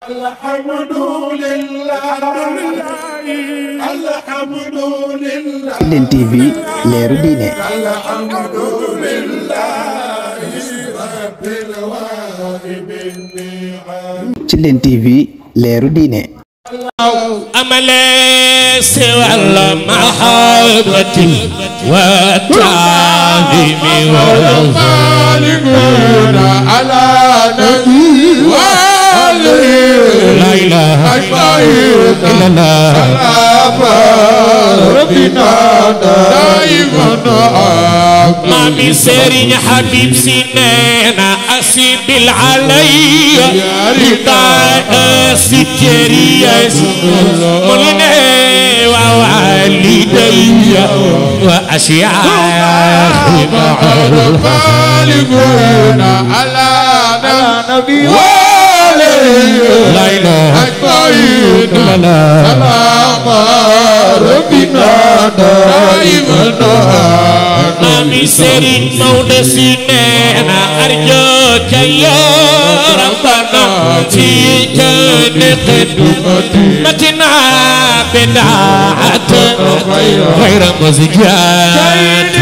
الحمد لله الحمد لله لين تي في ليرو دينه الحمد لله رب العالمين ci لين تي في ليرو دينه أمل سوى المحبة والتعليم والظالمون على نبي إله إلا الله ربنا دائما مامي سيرين حبيب سنينا أسيب العلي رضا سكري مولانا ووالدي وأشياخنا مع الخالقون على نبي لا إله إلا الله سلام ربنا دائما maami Serigne Maodo si nee na arjo ca yaa rabbana ci ca neqedu matina bidaat xayra masijaat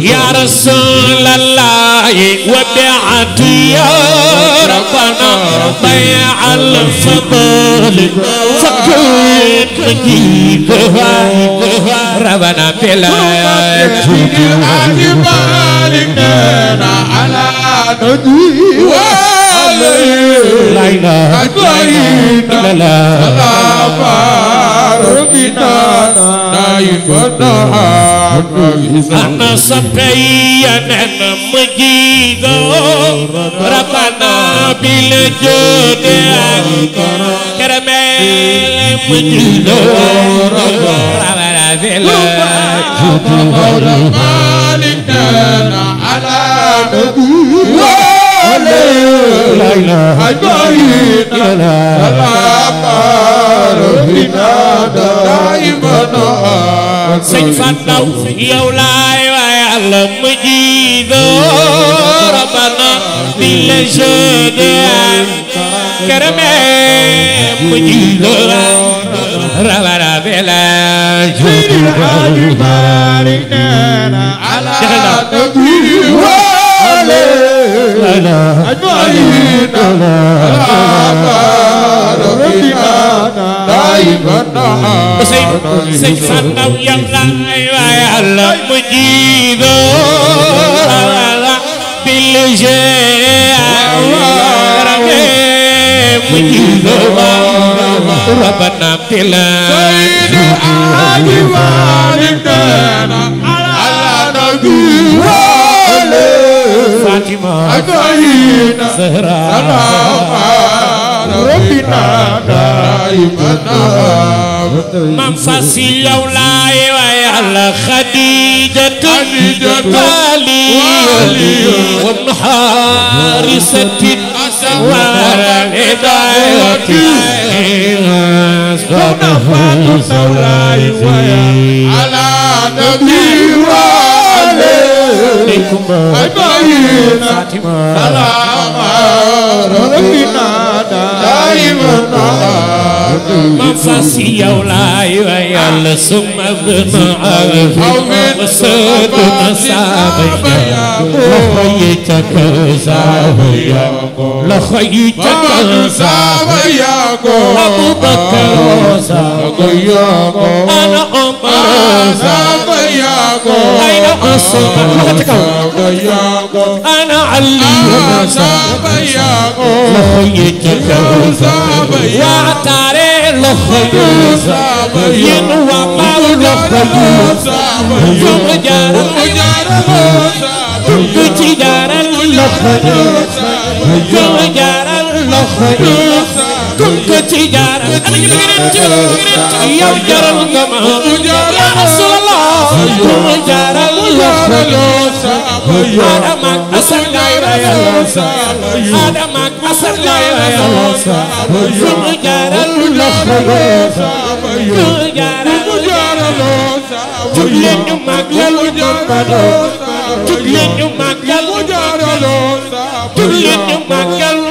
يا رسول الله وبعد يا ربنا بيع الفضل فكيت جيبها ربنا بلا يجيبها على لا إله إلا الله أنا صبيا أنا مجيد ربنا بالجود كرمال مجيد ربنا بالجود مالك على نبي أجمعين الأبار بنا دائما سيد فنو يولاي ويعلم مجيدو ربنا دل شدان كرمي مجيدو ربنا بلا جود الغالي على نبي أجمعين ربنا دائما نحن سيد صندوق يلا يلا مجيد بالجاه مجيد ربنا بلا سيد أبي والدنا على نبيه أدعينا سلام ربنا دائما mam fas yi yow laay wa yàlla xadija xadija wali wali wan xaarisatin asawara hidayati صلى الله عليه وسلم على نبي كومبا أجمعين سلام ربنا دائما مفاسي يولا يولا ثم ابن عرف وصد مسابيا لخيتك زاويا لخيتك زاويا أبو بكر زاويا أنا عمر زاويا أين أصبح بياقو انا عليهم بياقو لخي تجوزا واعتري لخي ينوى مولى خيوزا يمجر يمجر اللخي يمجر اللخي ci jaara ana ñu gëneen ci yow jaral nga ma ya Rasulallah mu jaral yoo sa Adama ak Asan lay rayal sa Adama ak Asan lay rayal sa mu jaral yoo sa mu jaral yoo sa jug leen ñu mag la lu jàppandoo jug leen ñu mag la lu jàppandoo jug leen ñu mag la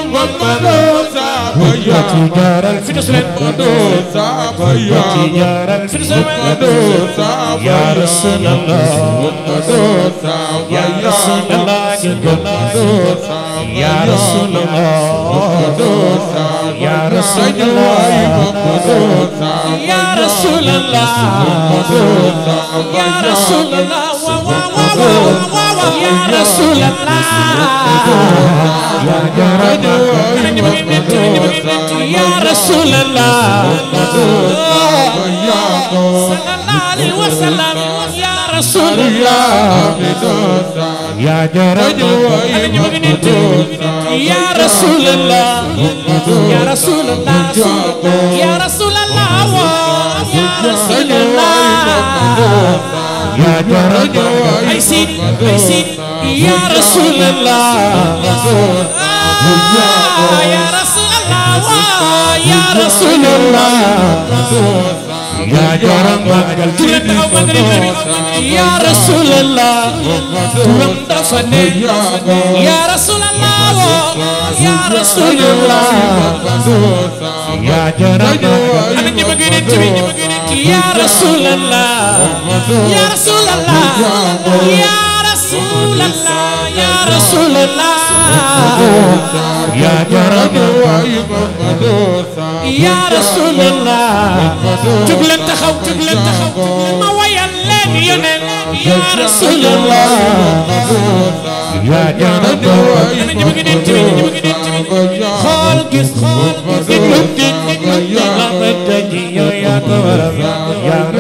Ya Rasulullah, ñu suleen ondo saaba ya tijaral fi ñu suleen ondo saaba ya Rasulullah, ondo saaba ya Rasulullah, ondo saaba ya Rasulullah, ondo saaba ya Rasulullah, ondo saaba ya Rasulullah, ondo saaba ya rasulallah يا رسول الله يا رسول الله صلى الله عليه وسلم يا رسول الله يا رسول الله يا رسول الله أكبر عيسين عيسين يا رسول الله يا رسول الله يا رسول الله yaa jaram màggal turam dafa màggal yaa rasulallah turam dafa ne yaa rasulallah yaa rasulallah yaa jaram màggal ana ñi bëgg nit bi ñi bëgg nit yaa rasulallah yaa rasulallah yaa رسول الله يا رسول الله يا جرم يا رسول الله تبلن تخو تبلن تخو ما ويا اللين يا رسول الله يا جرم انا جبك دين تبي جبك دين تبي خال قص خال قص يا رب يا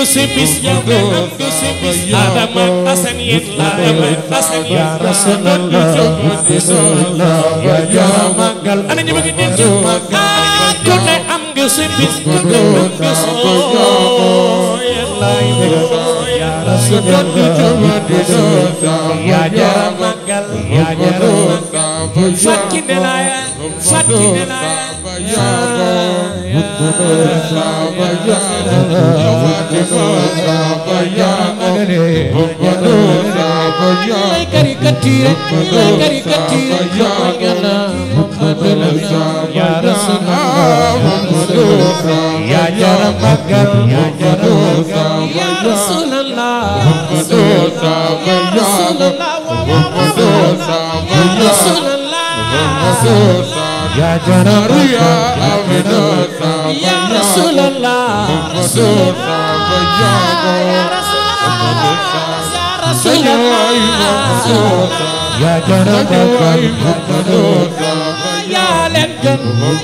Sakit bis sakit ko ya ya ya ya, ya ya ya Ya Janab Ya Amin رسول الله يا رسول الله يا جنبك محمد يا لبك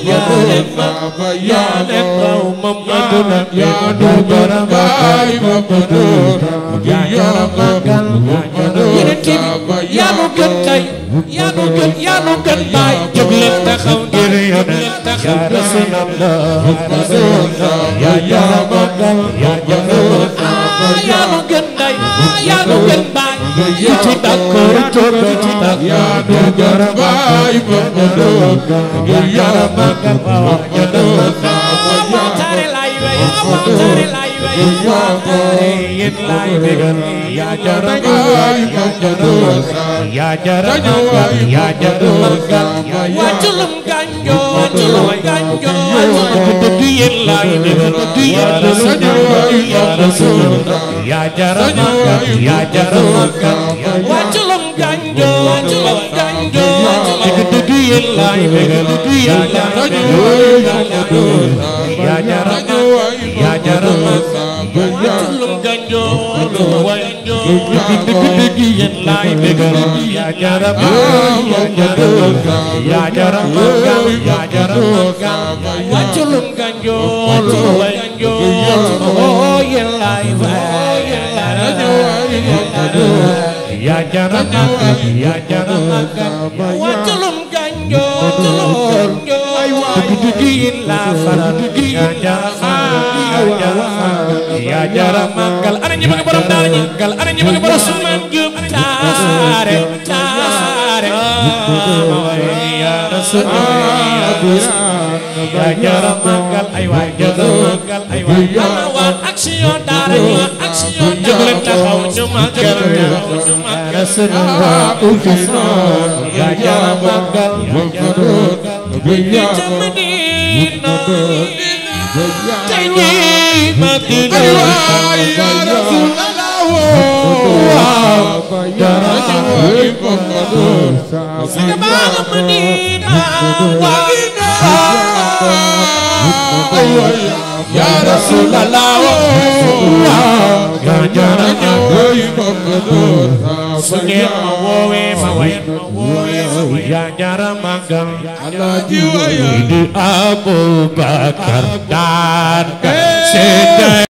يا لبك يا لبك محمد يا جنبك محمد يا جنبك محمد يا مكتي يا مكتي يا مكتي جبلت خو جبلت خو رسول الله رسول الله ya ya đây ya ya bớt ya bông kinh đây ya ya kinh bài chỉ ta cười chốt đi chỉ ta ya ya ya bài bông bông đô ya ya bớt ya bớt ya ya lại vậy chare lại vậy yên lại về gần ya ya bài bông bông đô ya ya ya ya bông ya ya ya ya ya ya ya ya ya ya ya ya ya ya cái ganjoon mooy ganjoon yaa jara magal yaa jara magal wàcculum ganjoon Ya jarak, ya jarak, wajulum ganjol, ayo, diin la farad, ya jarak, ya jarak. yaa jara màggal ana ñi bëgg borom daal ñi suman jub taare taare rasul yaa jara màggal ay waay jara màggal ay waay ana waa action daara ñi action jóg leen taxaw rasul yaa jara تنيمة الواي يا رسول الله يا رجل قدر سيما المدينة وإنا ya rasulallah ya jaranya koyi mamador sunge mawowe mawayen mawowe di Abu Bakar dan